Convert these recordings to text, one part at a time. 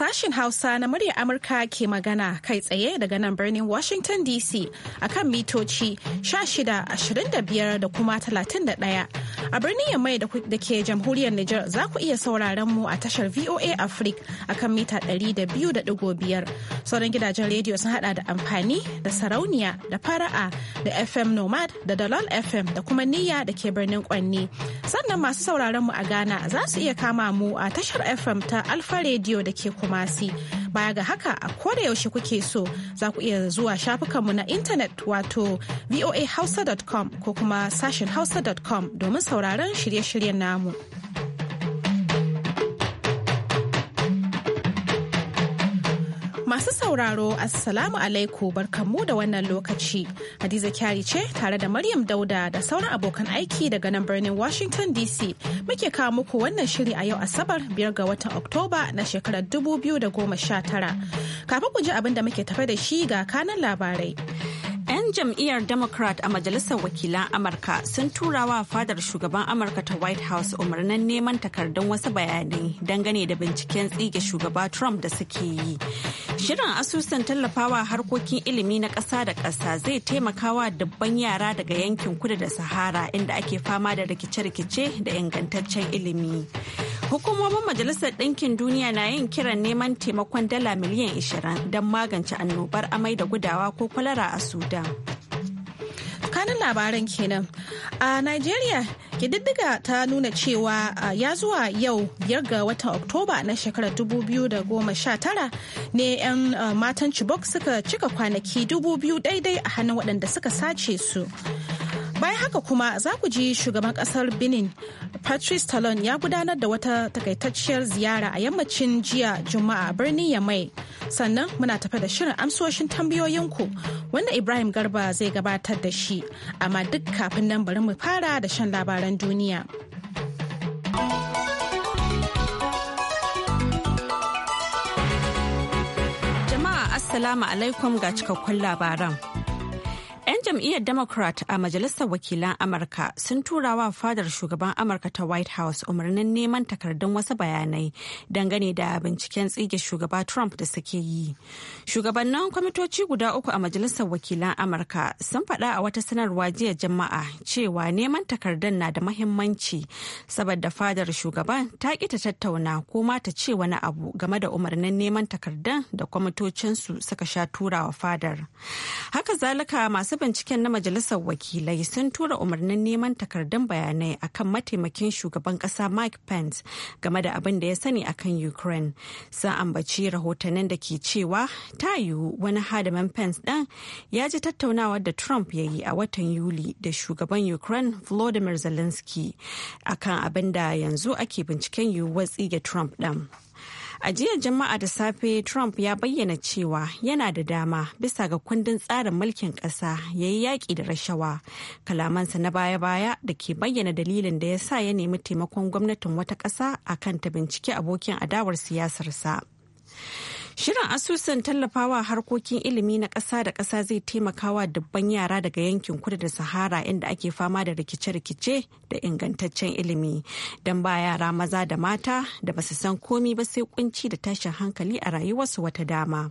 sashen Hausa na murya Amurka ke magana kai tsaye daga nan birnin Washington DC akan mitoci 1625 da kuma 31. A birnin Yamai da ke jamhuriyar Nijar za ku iya sauraron mu a tashar VOA Africa akan mita 200.5. Sauran gidajen rediyo sun hada da amfani da sarauniya da fara'a da FM Nomad da Dalol FM da kuma Niyya da ke birnin Kwanni. Sannan masu sauraron mu a Ghana za su iya kama mu a tashar FM ta Alfa Radio da ke kuma kumasi baya ga haka a koda yaushe kuke so za ku iya zuwa shafukanmu na intanet wato voahausa.com ko kuma sashen hausa.com domin sauraron shirye-shiryen namu. Masu sauraro, Assalamu alaikum barkanmu da wannan lokaci. Hadiza Kyari ce tare da Maryam Dauda da sauran abokan aiki daga nan birnin Washington DC. Muke kawo muku wannan shiri a yau Asabar biyar ga watan Oktoba na shekarar 2019. Kafin ku ji abin da muke tafe da shi ga kanan labarai. 'yan jam'iyyar democrat a majalisar wakilan amurka sun tura wa fadar shugaban amurka ta white house umarnin neman takardun wasu bayanai dangane da binciken tsige shugaba trump da suke yi shirin asusun tallafawa harkokin ilimi na ƙasa da ƙasa zai taimakawa dubban yara daga yankin kudu da sahara inda ake fama da rikice-rikice da ingantaccen ilimi Hukumomin Majalisar Ɗinkin Duniya na yin kiran neman taimakon dala miliyan 20 don magance annobar amai da gudawa ko kwalara a Sudan. kanin labaran kenan a nigeria kididdiga ta nuna cewa ya zuwa yau biyar ga watan oktoba na shekarar 2019 ne 'yan matan chibok suka cika kwanaki 2000 daidai a hannun waɗanda suka sace su bayan haka kuma za ku ji shugaban kasar benin patrice talon ya gudanar da wata takaitacciyar ziyara a yammacin jiya juma'a birnin yamai sannan muna tafe da shirin amsoshin tambayoyinku wanda ibrahim garba zai gabatar da shi amma duk kafin nan bari mu fara da shan labaran duniya jama'a assalamu alaikum ga cikakkun labaran 'Yan jam'iyyar Democrat a Majalisar Wakilan Amurka sun tura wa fadar shugaban Amurka ta White House umarnin neman takardun wasu bayanai dangane da binciken tsige shugaba Trump da suke yi. Shugabannin kwamitoci guda uku a Majalisar Wakilan Amurka sun faɗa a wata sanarwa jiya Juma'a cewa neman takardun na da mahimmanci saboda fadar shugaban ta ƙi ta tattauna ko ma ta ce wani abu game da umarnin neman takardun da kwamitocinsu suka sha turawa fadar. Haka zalika masu binciken na Majalisar Wakilai sun tura umarnin neman takardun bayanai akan mataimakin shugaban kasa Mike Pence game da abin da ya sani akan Ukraine. Sun ambaci rahotannin da ke cewa ta yiwu wani hadaman Pence ɗin ya ji tattaunawar da Trump ya yi a watan Yuli da shugaban Ukraine Volodymyr Zelensky akan abin da yanzu ake binciken yiwuwar tsige Trump ɗin. A jiya Juma'a da safe Trump ya bayyana cewa yana da dama bisa ga kundin tsarin mulkin ƙasa ya yi yaƙi da rashawa. Kalamansa na baya-baya da ke bayyana dalilin da ya sa ya nemi taimakon gwamnatin wata ƙasa kan ta bincike abokin adawar siyasarsa. Shirin asusun tallafawa harkokin ilimi na ƙasa da ƙasa zai taimakawa dubban yara daga yankin kudu da Sahara inda ake fama da rikice-rikice da ingantaccen ilimi. Don ba yara maza da mata da basu san komi ba sai kunci da tashin hankali a rayuwarsu wata dama.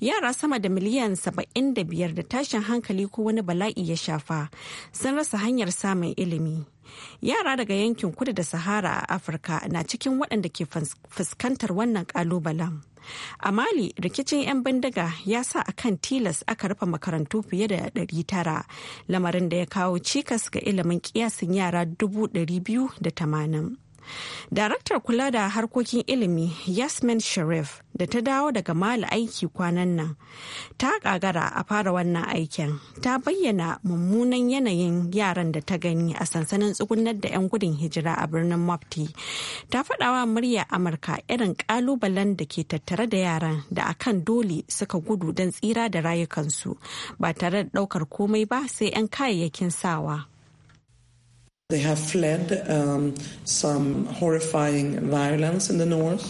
Yara sama da miliyan saba'in da biyar da tashin hankali ko wani bala'i ya shafa sun rasa hanyar samun ilimi. yara daga yankin kudu da sahara a afirka na cikin waɗanda ke fuskantar wannan ƙalubalen. A Mali rikicin 'yan bandaga ya sa a kan tilas aka rufe makarantu fiye da 900 lamarin da ya kawo cikas ga ilimin kiyasin yara 280. Daraktar kula da harkokin ilimi Yasmin Sharif da ta dawo daga mali aiki kwanan nan ta kagara a fara wannan aikin ta bayyana mummunan yanayin yaran da ta gani a sansanin tsugunar da 'yan gudun hijira a birnin mafti ta faɗawa murya amurka irin kalubalen da ke tattare da yaran da akan dole suka gudu don tsira da rayukansu ba tare da ɗaukar komai ba sai 'yan kayayyakin sawa. They have fled um, some horrifying violence in the north.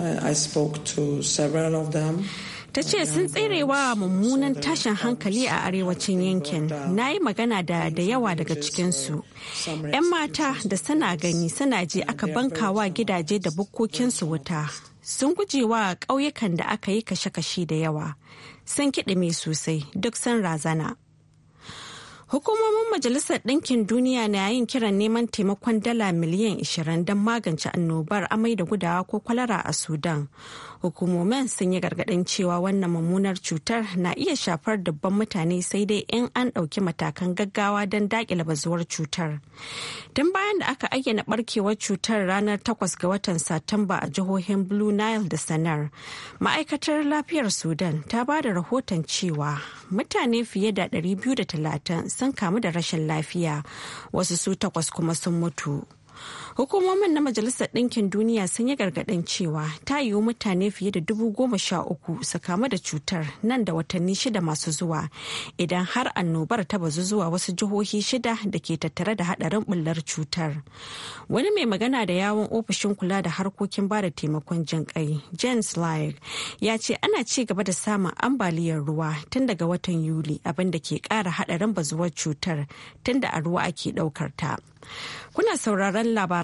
I, uh, I spoke to several of them. ta ce sun tserewa mummunan tashin hankali a arewacin yankin na yi magana da da yawa daga cikinsu 'yan mata da sana gani sana je aka bankawa gidaje da bukkokinsu wuta sun guje wa ƙauyukan da aka yi kashe-kashe da yawa sun mai sosai duk sun razana Hukumomin Majalisar Ɗinkin Duniya na yin kiran neman taimakon dala miliyan 20 don magance annobar amai da gudawa ko kwalara a Sudan, hukumomin sun yi gargaɗin cewa wannan mummunar cutar na iya shafar dubban mutane sai dai in an ɗauki matakan gaggawa don daƙile bazuwar cutar tun bayan da aka ayyana barkewar cutar ranar 8 ga watan satumba a jihohin blue nile da sanar ma'aikatar lafiyar sudan ta ba da rahoton cewa mutane fiye da 230 sun kamu da rashin lafiya wasu su takwas kuma sun mutu Hukumomin na Majalisar Ɗinkin Duniya sun yi gargaɗin cewa ta yiwu mutane fiye da dubu goma sha uku su kamu da cutar nan da watanni shida masu zuwa idan har annobar ta bazu zuwa wasu jihohi shida da ke tattare da haɗarin bullar cutar. Wani mai magana da yawon ofishin kula da harkokin bada taimakon jin kai James lyle ya ce ana ci gaba da samun ambaliyar ruwa tun daga watan Yuli abinda ke ƙara haɗarin bazuwar cutar tun da a ruwa ake ɗaukar ta. Kuna sauraron labaran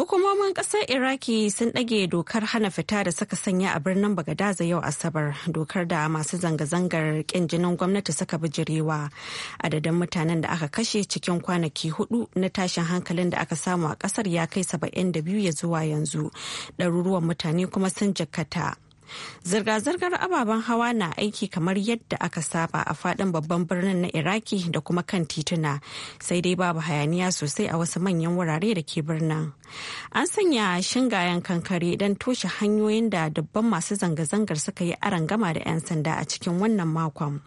Hukumomin ƙasar Iraki sun ɗage dokar hana fita da suka sanya a birnin Bagadaza yau Asabar dokar da masu zanga-zangar ƙin jinin gwamnati suka bijirewa adadin mutanen da aka kashe cikin kwanaki hudu na tashin hankalin da aka samu a ƙasar ya kai 72 ya zuwa yanzu ɗaruruwan mutane kuma sun jikkata. Zirga-zirgar ababen hawa na aiki kamar yadda aka saba a faɗin babban birnin na Iraki da kuma kan tituna, sai dai babu hayaniya sosai a wasu manyan wurare da ke birnin. An sanya shingayen kankare don toshe hanyoyin da dubban masu zanga-zangar suka yi arangama da 'yan sanda a cikin wannan makon.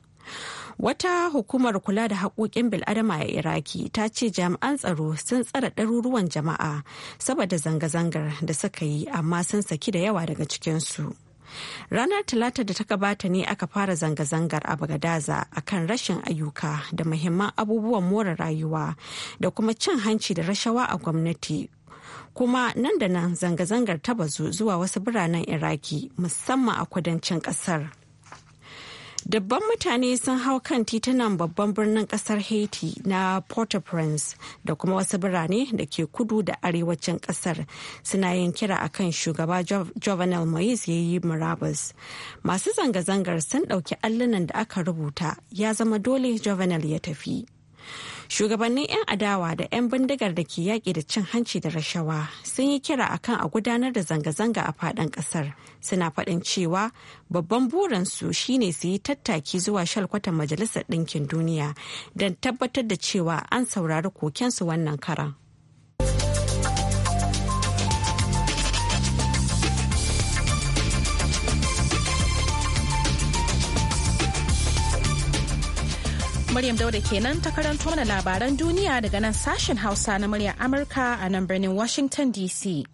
Wata hukumar kula da haƙoƙin bil'adama a Iraki ta ce jami'an tsaro sun tsara ɗaruruwan jama'a saboda zanga-zangar da suka yi amma sun saki da yawa daga cikinsu. Ranar Talata da ta gabata ne aka fara zanga-zangar a Bagadaza kan rashin ayyuka da muhimman abubuwan more rayuwa da kuma cin hanci da rashawa a gwamnati. Kuma nan da nan zanga-zangar ta bazu zuwa wasu biranen Iraki musamman a kudancin ƙasar. Dabban mutane sun hau kan titunan babban birnin kasar Haiti na Port-au-Prince da kuma wasu birane da ke kudu da arewacin kasar suna yin kira akan shugaba Jovenel Moise ya yi murabus. Masu zanga-zangar sun ɗauki allunan da aka rubuta ya zama dole Jovenel ya tafi. shugabannin 'yan adawa da 'yan bindigar da ke yaƙi da cin hanci da rashawa sun yi kira akan a gudanar da zanga-zanga a faɗin ƙasar suna faɗin cewa babban burinsu shine su yi tattaki zuwa shalkwatan majalisar ɗinkin duniya don tabbatar da cewa an saurari kokensu wannan karan Maryam Dauda kenan ta karanto mana labaran duniya daga nan sashen Hausa na murya Amurka a nan birnin Washington DC.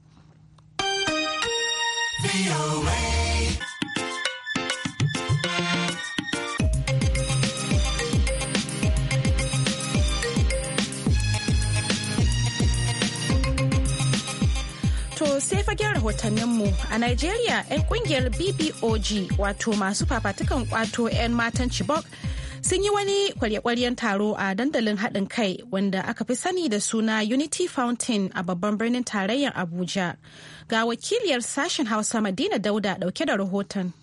sai fagen rahotanninmu a Najeriya 'yan kungiyar BBOG wato masu fafatukan kwato 'yan matan Chibok sun yi wani kwarye taro a dandalin haɗin kai wanda aka fi sani da suna unity fountain a babban birnin tarayyar abuja ga wakiliyar sashen hausa madina dauda ɗauke da rahoton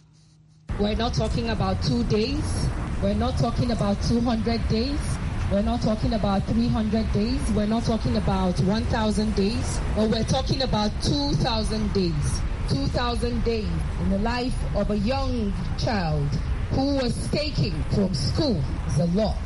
We're not talking about two days. We're not talking about 200 days. We're not talking about 300 days. We're not talking about 1,000 days. But we're talking about 2,000 days. 2,000 days in the life of a young child who was taking from school the lot.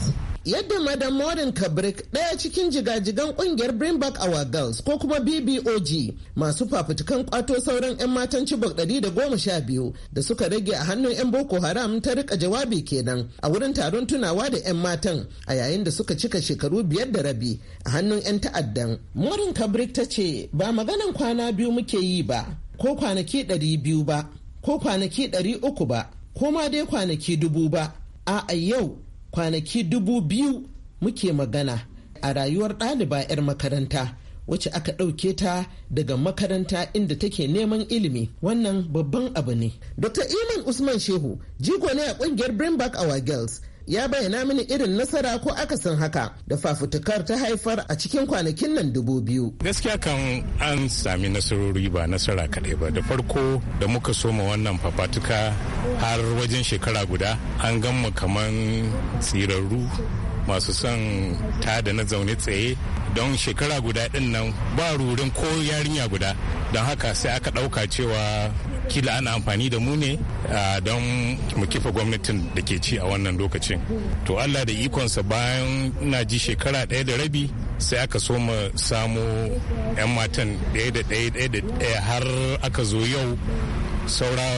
Yadda Madam Morin Kabrik ɗaya cikin jigajigan ƙungiyar Bring Back Our Girls ko kuma BBOG masu fafutukan ƙwato sauran 'yan matan cibok 112 da goma sha biyu da suka rage a hannun 'yan Boko Haram ta rika jawabi kenan a wurin taron tunawa da 'yan matan a yayin da suka cika shekaru biyar da rabi a hannun 'yan ta'addan. Morin Kabrik ta ce ba maganan kwana biyu muke yi ba ko kwanaki biyu ba ko kwanaki uku ba ko ma dai kwanaki dubu ba a yau kwanaki dubu biyu muke magana a rayuwar ɗaliba 'yar makaranta wacce aka ɗauke ta daga makaranta inda take neman ilimi wannan babban abu ne. Dr. Iman Usman Shehu jigo ne a ƙungiyar Brainback Our Girls ya bayyana mini irin nasara ko akasin haka da fafutukar ta haifar a cikin kwanakin nan dubu biyu. Gaskiya kan an sami nasarori ba nasara kaɗai ba da farko da muka soma wannan fafatuka har wajen shekara guda an gama kaman tsirarru masu son ta da na zaune tsaye don shekara guda din nan ba rurin ko yarinya guda don haka sai aka ɗauka cewa kila ana amfani da mu ne don mu kifa gwamnatin da ke ci a wannan lokacin to allah da ikonsa bayan na ji shekara ɗaya da rabi sai aka so mu samu 'yan matan ɗaya da ɗaya da ɗaya har aka zo yau saura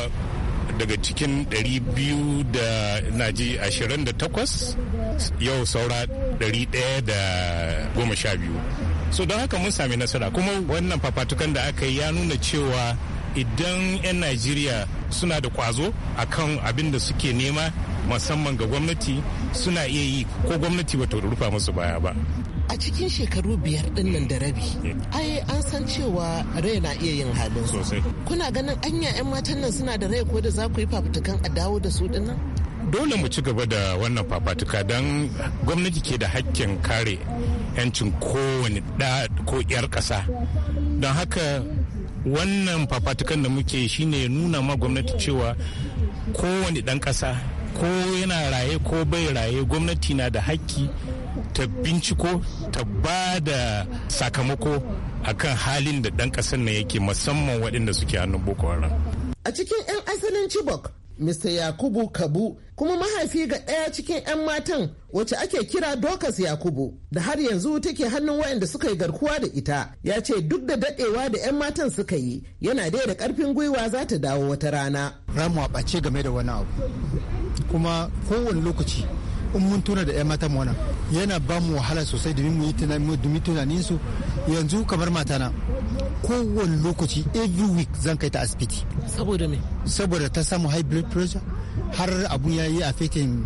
daga cikin 200 da ji 28 yau saura da 112 so don haka mun sami nasara kuma wannan fafatukan da aka yi ya nuna cewa idan 'yan najeriya suna da kwazo kan abin da suke nema musamman ga gwamnati suna iya yi ko gwamnati bata rufa musu baya ba a cikin shekaru biyar din nan da rabi ai an san cewa rai na iya yin halin sosai kuna ganin anya 'yan matan nan suna da rai ko da za ku yi fafutukan a dawo da su dinnan dole mu ci gaba da wannan fafatuka don gwamnati ke da hakkin kare 'yancin kowane da ko 'yar ƙasa don haka wannan fafatukan da muke shine nuna ma gwamnati cewa kowane ɗan ƙasa ko yana raye ko bai raye gwamnati na da hakki ta binciko ta ba da sakamako akan halin da ɗan ƙasar na yake musamman waɗanda suke hannun boko haram a cikin 'yan asalin chibok Mr. Yakubu Kabu kuma mahaifi ga ɗaya cikin 'yan matan wacce ake kira Dokas Yakubu da har yanzu take hannun wayanda suka yi garkuwa da ita ya ce duk da daɗewa da 'yan matan suka yi yana dai da ƙarfin gwiwa za ta dawo wata rana. Ramu a ɓace game da wani abu kuma kowane lokaci in mun tuna da 'yan matan wannan yana ba mu wahala sosai domin mu yi tunanin yanzu kamar matana kowane lokaci every week zan kai ta asibiti saboda me saboda ta samu high blood pressure har abu ya yi affecting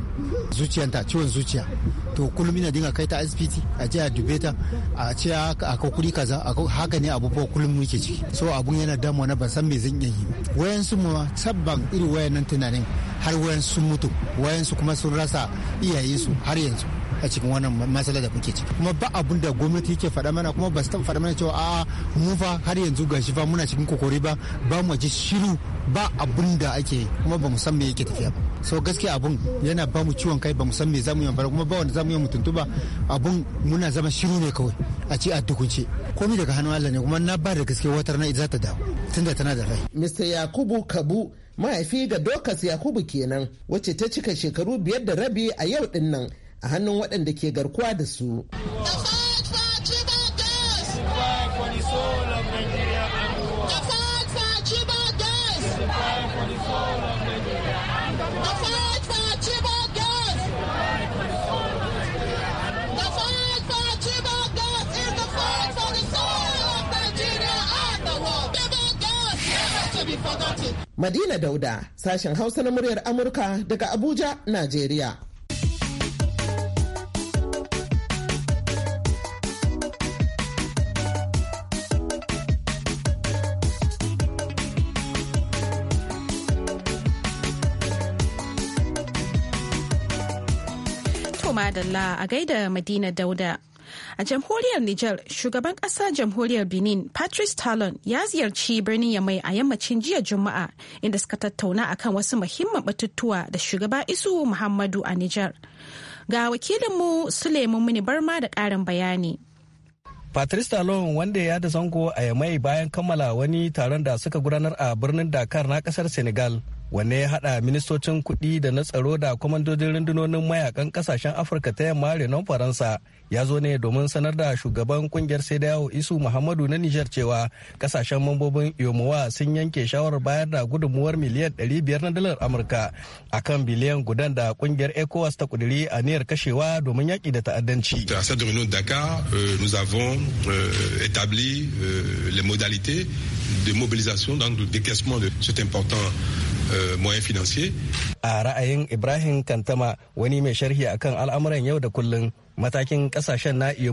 zuciyanta ciwon zuciya to kullum ina dinga kai ta asibiti a ce a dube ta a ce a kakuri kaza haka ne abubuwa kullum muke ciki so abun yana damuwa na ban san me zan iya yi wayan su ma sabban irin wayannan tunanin har wayan sun mutu wayan su kuma sun rasa iyayensu har yanzu a cikin wannan matsalar da muke ciki kuma ba abun da gwamnati yake faɗa mana kuma ba su taɓa faɗa mana cewa a mu fa har yanzu ga shi fa muna cikin kokori ba ba mu ji shiru ba abun da ake kuma ba mu san me yake tafiya ba so gaskiya abun yana ba mu ciwon kai ba mu san me zamu yi ba kuma ba wanda zamu yi mutuntu ba abun muna zama shiru ne kawai a ci a dukunce komai daga hannun Allah ne kuma na ba da gaske watar na za ta dawo tunda tana da rai Mr Yakubu Kabu mahaifi ga Dokas Yakubu kenan wacce ta cika shekaru biyar da rabi a yau din nan a hannun waɗanda ke garkuwa da su. Madina Dauda, sashen Hausa na muryar Amurka daga Abuja, Najeriya. Adalla a gaida Madina Dauda. A jamhuriyar Nijar, shugaban ƙasa jamhuriyar Benin, Patrice Talon ya ziyarci birnin Yamai a yammacin jiya Juma'a inda suka tattauna akan wasu muhimman batutuwa da shugaba Isu Muhammadu a Nijar. Ga wakilinmu Suleiman Muni Barma da ƙarin bayani. Patrice Talon wanda ya da zango a Yamai bayan kammala wani taron da suka gudanar a birnin Dakar na ƙasar Senegal. wanne ya haɗa ministocin kuɗi da na tsaro da kwamandojin rundunonin mayakan ƙasashen afirka ta yamma renon faransa ya zo ne domin sanar da shugaban kungiyar sai da yawo isu muhammadu na nijar cewa ƙasashen mambobin yomowa sun yanke shawarar bayar da gudunmuwar miliyan 500 na dalar amurka a kan biliyan gudan da kungiyar ecowas ta kuduri a niyar kashewa domin yaƙi da ta'addanci. a de dakar euh, nous euh, euh, de mobilisation dans le décaissement de cet important Euh, moyen financier a ra'ayin ibrahim kantama wani mai sharhi akan al'amuran yau da kullun matakin kasashen na yayi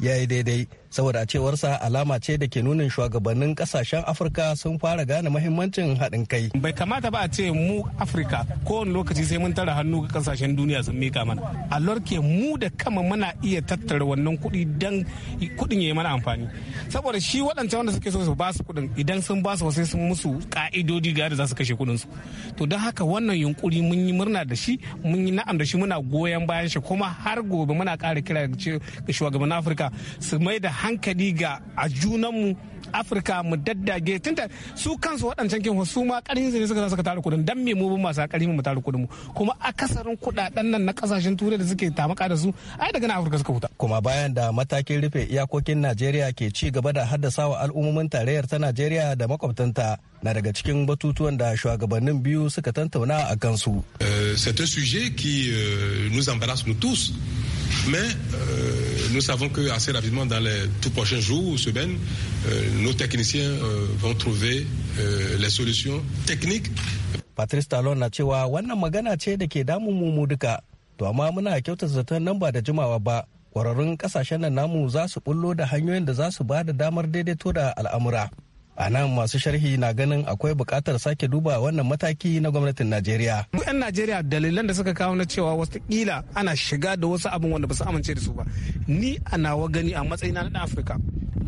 ya yi daidai saboda a cewarsa alama ce da ke nunin shugabannin kasashen afirka sun fara gane mahimmancin haɗin kai bai kamata ba a ce mu afirka kowane lokaci sai mun tara hannu ga kasashen duniya sun mika mana a ke mu da kama muna iya tattara wannan kuɗi don kuɗin ya yi mana amfani saboda shi waɗancan wanda suke so su ba su kuɗin idan sun ba su sai sun musu ƙa'idodi ga da za su kashe kuɗin su to don haka wannan yunkuri mun yi murna da shi mun yi na'am da shi muna goyon bayan shi kuma har gobe muna muna ƙara kira ga shugaban afirka su mai da hankali ga a junanmu afirka mu daddage tunda su kansu waɗancan kin su ma ƙarfin ne suka suka tara kudin dan me mu bin masu ƙarfin mu tara kudin mu kuma akasarin kuɗaɗen nan na ƙasashen turai da suke tamaka da su ai daga na afirka suka huta kuma bayan da matakin rufe iyakokin najeriya ke ci gaba da haddasa wa al'ummomin tarayyar ta najeriya da makwabtanta na daga cikin batutuwan da shugabannin biyu suka tantauna a kansu. Euh, c'est un sujet qui euh, nous embarrasse nous tous. Mais euh, nous savons que assez rapidement, dans les tout prochains jours ou semaines, euh, nos techniciens euh, vont trouver euh, les solutions techniques. Patrice Talon na cewa wannan magana ce da ke damun mu duka, to amma muna kyauta zaton nan ba da jimawa ba. Kwararrun kasashen nan namu za su bullo da hanyoyin da za su ba da damar daidaito da al'amura. a nan masu sharhi na ganin akwai bukatar sake duba wannan mataki na gwamnatin najeriya mu 'yan najeriya dalilan da suka kawo na cewa wasu kila ana shiga da wasu abin wanda ba su amince da su ba ni a nawa gani a matsayina na ɗan afirka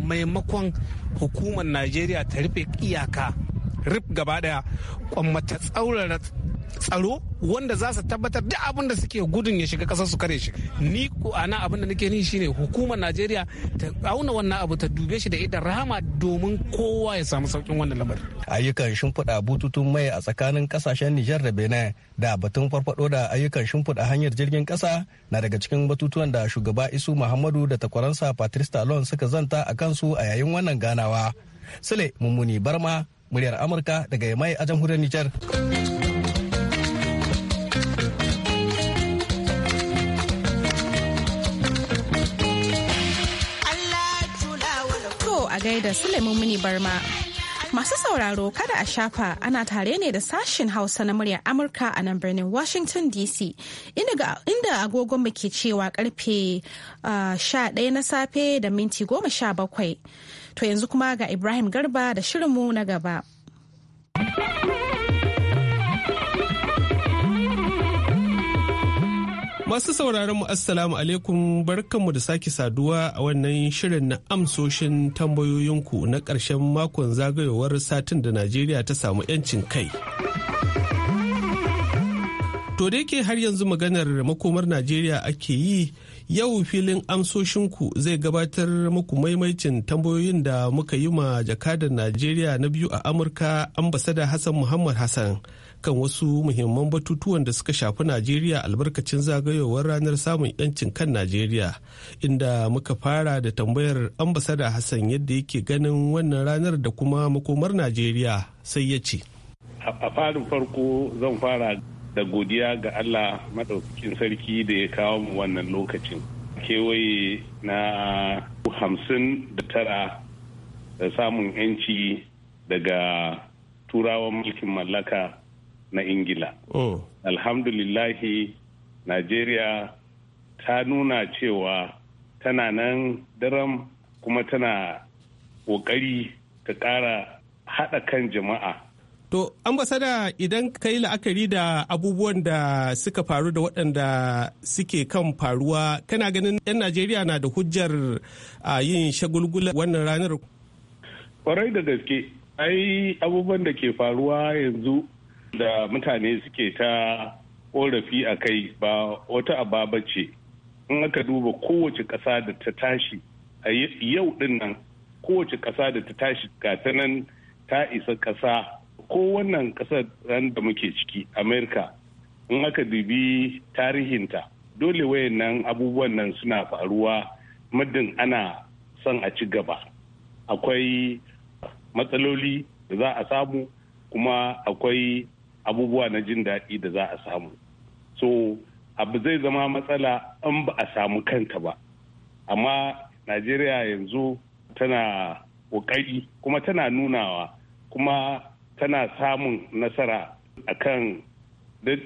maimakon hukumar najeriya ta rufe iyaka rif gaba daya kwamma ta tsaurara tsaro wanda za su tabbatar duk abin da suke gudun ya shiga kasar su kare shi ni ko ana abin da nake ni shine hukumar Najeriya ta auna wannan abu ta dube shi da idan rahama domin kowa ya samu saukin wannan lamarin ayyukan shimfiɗa bututun mai a tsakanin kasashen Nijar da Benin da batun farfado da ayyukan shimfiɗa hanyar jirgin ƙasa na daga cikin batutuwan da shugaba Isu Muhammadu da takwaransa Patrice Talon suka zanta a kansu a yayin wannan ganawa Sule Mummuni Barma muryar Amurka daga Yamai a jamhuriyar Nijar. gaida Suleiman mini Barma. Masu sauraro kada a shafa ana tare ne da sashin Hausa na muryar Amurka a nan birnin Washington DC inda agogon ke cewa karfe 11 ah, na safe da minti 17. To yanzu kuma ga Ibrahim Garba da shirinmu na gaba. Masu sauraron mu assalamu alaikum barkanmu da sake saduwa a wannan shirin na amsoshin tambayoyinku na ƙarshen makon zagayowar satin da Najeriya ta samu 'yancin kai. To da yake har yanzu maganar makomar Najeriya ake yi yau filin amsoshinku zai gabatar muku maimaicin tambayoyin da muka yi ma jakadar Najeriya na biyu a Amurka ambasada Hassan Muhammad Hassan. kan wasu muhimman batutuwan da suka shafi Najeriya albarkacin zagayowar ranar samun 'yancin kan Najeriya inda muka fara da tambayar ambasada Hassan yadda yake ganin wannan ranar da kuma makomar Najeriya sai ya ce. A farin farko zan fara da godiya ga Allah maɗaukakin sarki da ya kawo mu wannan lokacin. Kewaye na hamsin da tara da samun 'yanci daga turawan mulkin mallaka na ingila oh. alhamdulillahi najeriya ta nuna cewa tana nan daram kuma tana ƙoƙari ta ƙara haɗa kan jama'a To, ambasada idan ka yi la'akari da abubuwan da suka faru da waɗanda suke kan faruwa, kana ganin 'yan Najeriya na da hujjar a yin shagulgula wannan ranar? Kwarai da gaske, ai abubuwan da ke faruwa yanzu da mutane suke ta korafi a kai ba wata ababa ce in aka duba kowace ƙasa da ta tashi a yau din nan kowace ƙasa da ta tashi ta nan ta isa ƙasa ko wannan ƙasar da muke ciki amerika in aka dubi tarihinta dole wayannan abubuwan nan suna faruwa muddin ana son a ci gaba akwai matsaloli da za a samu kuma akwai abubuwa na jin daɗi da za a samu so abu zai zama matsala in ba a samu kanta ba amma najeriya yanzu tana ƙoƙari kuma tana nunawa kuma tana samun nasara kan duk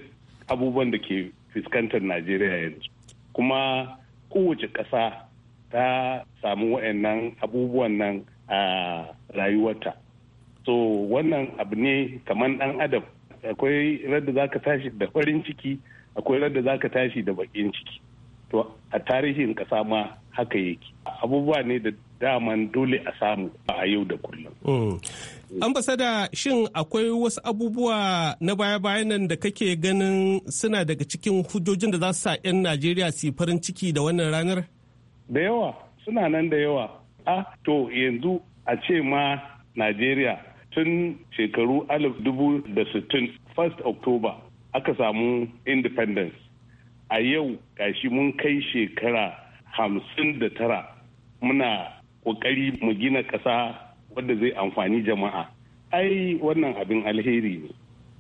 abubuwan da ke fuskantar najeriya yanzu kuma kowace ƙasa ta samu wa'annan abubuwan nan a rayuwarta so wannan abu ne kamar ɗan adam akwai radda za ka tashi da farin ciki akwai radda za ka tashi da bakin ciki to a tarihin kasa ma haka yake abubuwa ne da daman dole a samu a yau da kullum. Hmm. ambasada shin akwai wasu abubuwa na baya-bayan nan da kake ganin suna daga cikin hujjojin da za su sa 'yan najeriya su farin ciki da wannan ranar da yawa suna nan da yawa ah to yanzu a ce ma najeriya tun shekaru alif dubu da october aka samu independence a yau gashi mun kai shekara hamsin da tara muna ƙoƙari mu gina ƙasa wadda zai amfani jama'a ai wannan abin alheri ne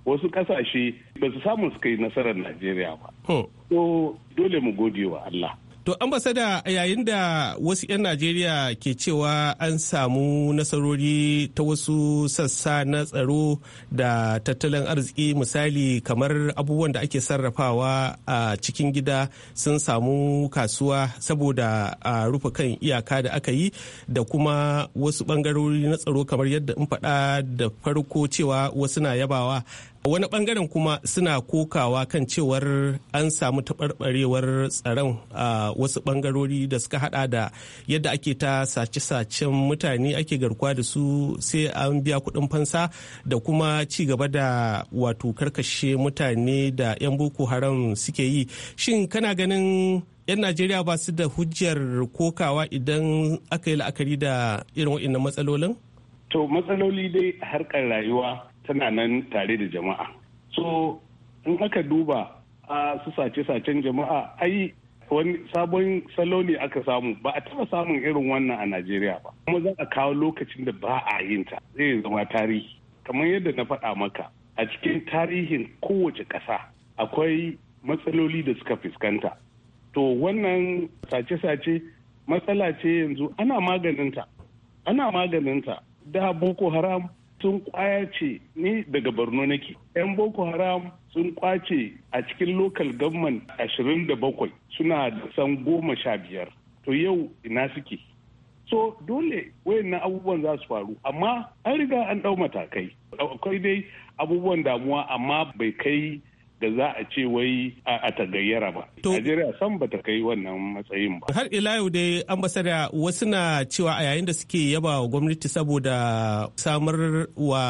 wasu ƙasashe ba su samu suka yi nasarar najeriya ba hmm. so dole mu gode wa allah To ambasada yayin da wasu 'yan Najeriya ke cewa an samu nasarori ta wasu sassa na tsaro da tattalin arziki misali kamar abubuwan da ake sarrafawa a cikin gida sun samu kasuwa saboda a rufe kan iyaka da aka yi da kuma wasu bangarori na tsaro kamar yadda in faɗa da farko cewa wasu na yabawa wani bangaren kuma suna kokawa kan cewar an samu taɓarɓarewar tsaron a wasu bangarori da suka hada da yadda ake ta sace-sacen mutane ake garkuwa da su sai an biya kuɗin fansa da kuma ci gaba da wato karkashe mutane da 'yan boko haram suke yi shin kana ganin 'yan najeriya ba su da hujjar kokawa idan aka yi la'akari da irin matsalolin? to matsaloli dai harkar rayuwa tana nan tare da jama'a so in aka duba a su sace-sacen jama'a ai wani sabon salo ne aka samu ba a taba samun irin wannan a najeriya ba kuma za a kawo lokacin da ba a yin ta zai zama tarihi kamar yadda na faɗa maka a cikin tarihin kowace ƙasa akwai matsaloli da suka fuskanta to wannan sace-sace matsala ce yanzu ana maganinta ana maganinta da boko haram sun kwace ni daga borno nake yan boko haram sun kwace a cikin local government 27 suna da san goma sha biyar to yau ina suke so dole wayannan abubuwan za su faru amma an riga an ɗau matakai akwai dai abubuwan damuwa amma bai kai da za a ce wai a tagayyara ba. Najeriya san ba ta kai wannan matsayin ba. Har ila yau dai ambasada wasu na cewa a yayin da suke yaba wa gwamnati saboda samar wa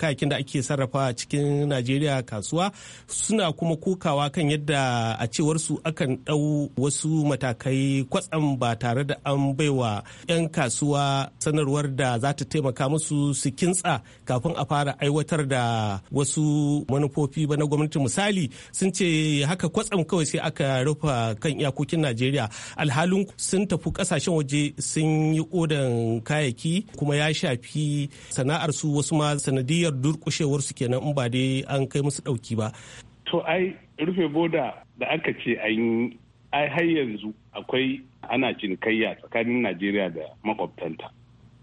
kayakin da ake sarrafa cikin Najeriya kasuwa suna kuma kokawa kan yadda a cewar su akan ɗau wasu matakai kwatsam ba tare da an baiwa 'yan kasuwa sanarwar da za ta taimaka musu su kintsa kafin a fara aiwatar da wasu manufofi ba na gwamnati misali misali sun ce haka kwatsam kawai sai aka rufa kan iyakokin najeriya alhalin sun tafi kasashen waje sun yi kodan kayayyaki kuma ya shafi sana'ar su wasu ma sanadiyar durkushewar su kenan in ba dai an kai musu dauki ba to ai rufe boda da aka ce an ai har yanzu akwai ana cinikayya tsakanin najeriya da makwabtanta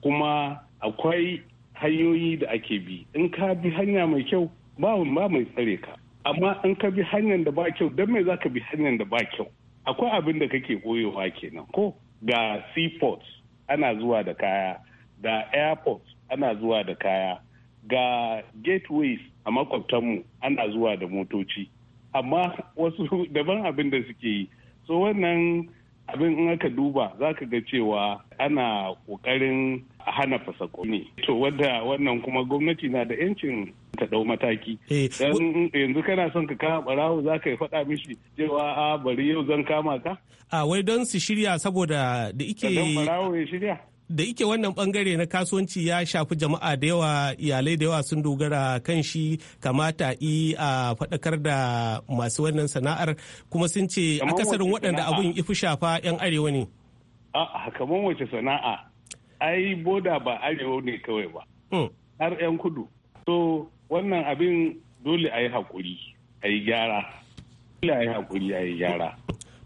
kuma akwai hanyoyi da ake bi in ka bi hanya mai kyau ba mai tsare ka amma in ka bi hanyar da ba kyau don me za ka bi hanyar da ba kyau akwai abin da kake koyowa kenan ko ga seaport ana zuwa da kaya ga airport ana zuwa da kaya ga gateways a makwabtanmu ana zuwa da motoci amma wasu daban abin da suke yi so wannan abin in aka duba za ka ga cewa ana ƙoƙarin hana fasako ne to wadda wannan kuma gwamnati na da 'yancin ta ɗau mataki. Eh, yanzu kana son ka kama ɓarawo za ka yi faɗa mishi cewa a bari yau zan kama ka? A wai don su shirya saboda da ike. ɓarawo ya shirya. Da ike wannan bangare na kasuwanci ya shafi jama'a da yawa iyalai da yawa sun dogara kan shi kamata i a faɗakar da masu wannan sana'ar kuma sun ce akasarin waɗanda abun ifi shafa 'yan arewa ne. A kamar wace sana'a ai boda ba arewa ne kawai ba hmm. har 'yan kudu. So wannan abin dole a yi haƙuri a yi gyara dole a yi haƙuri a yi gyara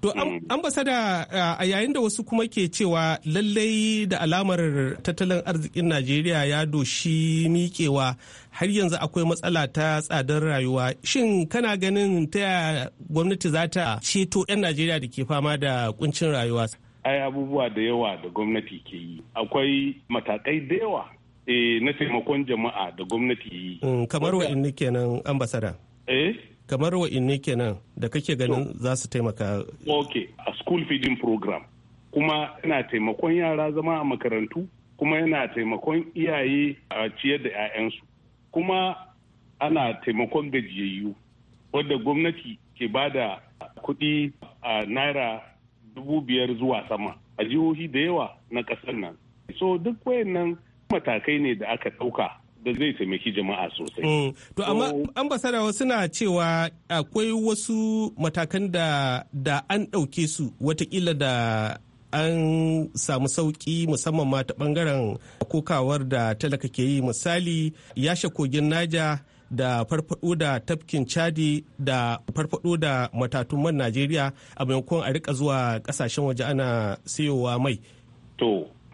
To mm. ambasada a yayin da wasu kuma ke cewa lallai da alamar tattalin arzikin Najeriya ya doshi miƙewa har yanzu akwai matsala ta tsadar rayuwa. Shin kana ganin ta gwamnati za ta ceto 'yan Najeriya da ke fama da kuncin rayuwa? Ai abubuwa da yawa da gwamnati ke yi. Akwai matakai da yawa Eh, na taimakon jama'a da gwamnati yi. Mm, kamar wa'inni kenan ambasada? Eh? Kamar wa'inni kenan da kake ganin za su taimaka? Ok, a school feeding program. Kuma yana taimakon yara zama a makarantu, kuma yana taimakon iyaye a ciyar da 'ya'yansu. Kuma ana taimakon gajiyayyu, wadda gwamnati ke ba da kuɗi a naira dubu biyar zuwa sama a jihohi da yawa na ƙasar nan. So duk wayannan matakai ne da aka ɗauka da zai taimaki jama'a sosai. Mm. To amma ambasadawa suna cewa akwai wasu matakan da da an ɗauke su watakila da an samu sauƙi musamman ma ta ɓangaren kokawar da talaka ke yi misali yashe kogin naja da farfado da tafkin chadi da farfado da matatun man najeriya a maimakon a rika zuwa kasashen waje ana sayowa mai to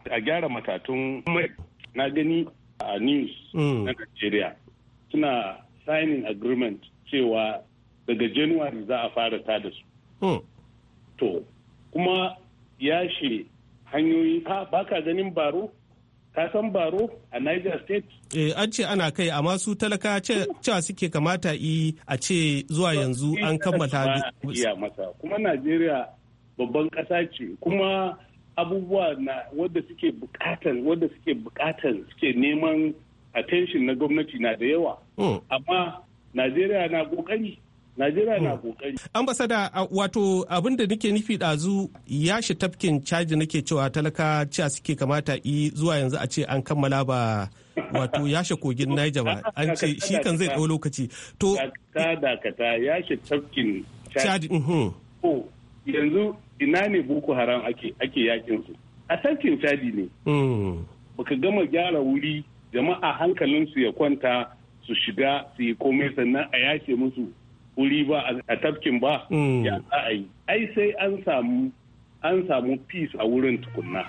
a gyara matatun mai na gani a news mm. na nigeria suna signing agreement cewa daga January za a fara ta da su. Mm. To, kuma ya shi hanyoyi ka baka ganin baro? Ka san baro a Niger State? Eh, an ce ana kai amma su talaka cewa suke kamata yi a ce zuwa yanzu an kammata. Kuma nigeria babban ƙasa ce, kuma abubuwa na wadda suke bukatan wadda suke bukatan suke neman attention na gwamnati na da yawa hmm. amma najeriya na kokari najeriya na hmm. kokari ambasada wato abin da nake nufi dazu ya shi tafkin caji nake cewa talaka cewa suke kamata yi zuwa yanzu a ce an kammala ba wato yashe kogin naija ba an ce shi kan zai ɗau lokaci to dakata dakata yashe tafkin caji mhm. yanzu ina ne boko haram ake ake yakin su a sarkin shadi ne hmm. baka gama gyara wuri jama'a hankalinsu ya kwanta su shiga su yi komai sannan a yake musu wuri ba a tafkin ba hmm. ya za a yi ai sai an samu an samu peace a wurin tukunna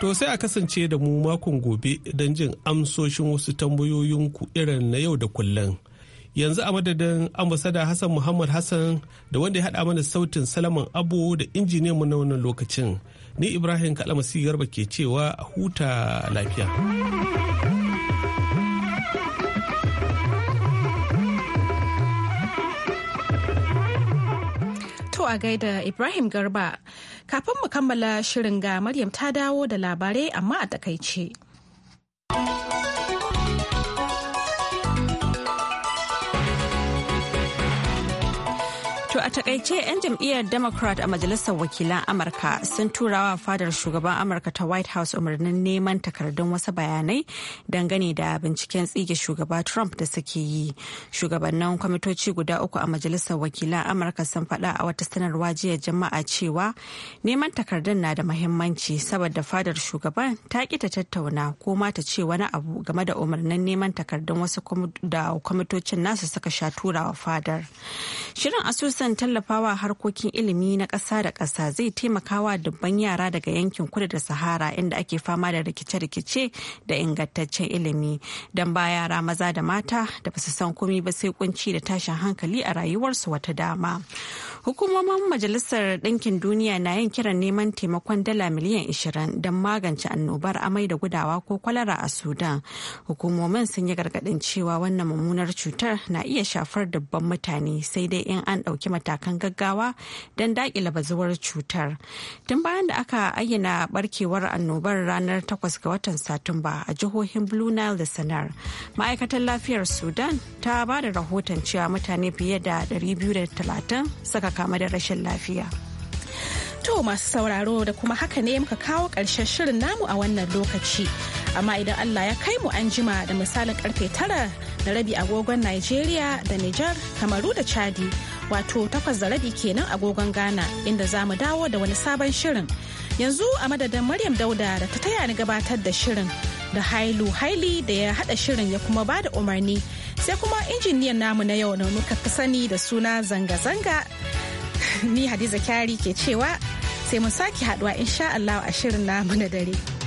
To sai a kasance da mu makon gobe don jin amsoshin wasu tambayoyinku irin na yau da kullum. yanzu a madadin ambasada hassan muhammad hassan da wanda ya haɗa mana sautin salaman abu da injiniyan mu na wannan lokacin ni ibrahim kalamasi garba ke cewa huta lafiya to a gaida ibrahim garba kafin mu kammala shirin ga maryam ta dawo da labarai amma a takaice. To a takaice 'yan jam'iyyar Democrat a Majalisar Wakilan Amurka sun turawa fadar shugaban Amurka ta White House umarnin neman takardun wasu bayanai dangane da binciken tsige shugaba Trump da suke yi. Shugabannin kwamitoci guda uku a Majalisar Wakilan Amurka sun faɗa a wata sanarwa jiya jama'a cewa neman takardun na da mahimmanci saboda fadar shugaban ta ki ta tattauna ko ma ta ce wani abu game da umarnin neman takardun wasu da kwamitocin nasu suka sha turawa fadar. Shirin asusun ministan tallafawa harkokin ilimi na ƙasa da ƙasa zai taimakawa dubban yara daga yankin kudu da sahara inda ake fama da rikice-rikice da ingantaccen ilimi don ba yara maza da mata da basu san komi ba sai kunci da tashin hankali a rayuwarsu wata dama hukumomin majalisar ɗinkin duniya na yin kiran neman taimakon dala miliyan 20 don magance annobar amai da gudawa ko kwalara a sudan hukumomin sun yi gargaɗin cewa wannan mummunar cutar na iya shafar dubban mutane sai dai in an ɗauki matakan gaggawa don daƙile bazuwar cutar. Tun bayan da aka ayyana barkewar annobar ranar 8 ga watan Satumba a jihohin Blue Nile da Sanar, ma'aikatan lafiyar Sudan ta ba da rahoton cewa mutane fiye da 230 suka kama da rashin lafiya. To masu sauraro da kuma haka ne muka kawo ƙarshen shirin namu a wannan lokaci. Amma idan Allah ya kai mu an jima da misalin karfe tara na rabi agogon Najeriya da Nijar, Kamaru da Chadi. wato takwas da rabi kenan agogon Ghana inda za mu dawo da wani sabon shirin. Yanzu a madadin Maryam Dauda da ta taya ni gabatar da shirin da Hailu Haili da ya haɗa shirin ya kuma ba da umarni sai kuma injiniyan namu na yau na muka fi sani da suna zanga-zanga ni Hadiza Kyari ke cewa sai mu sake haɗuwa insha Allah a shirin namu na dare.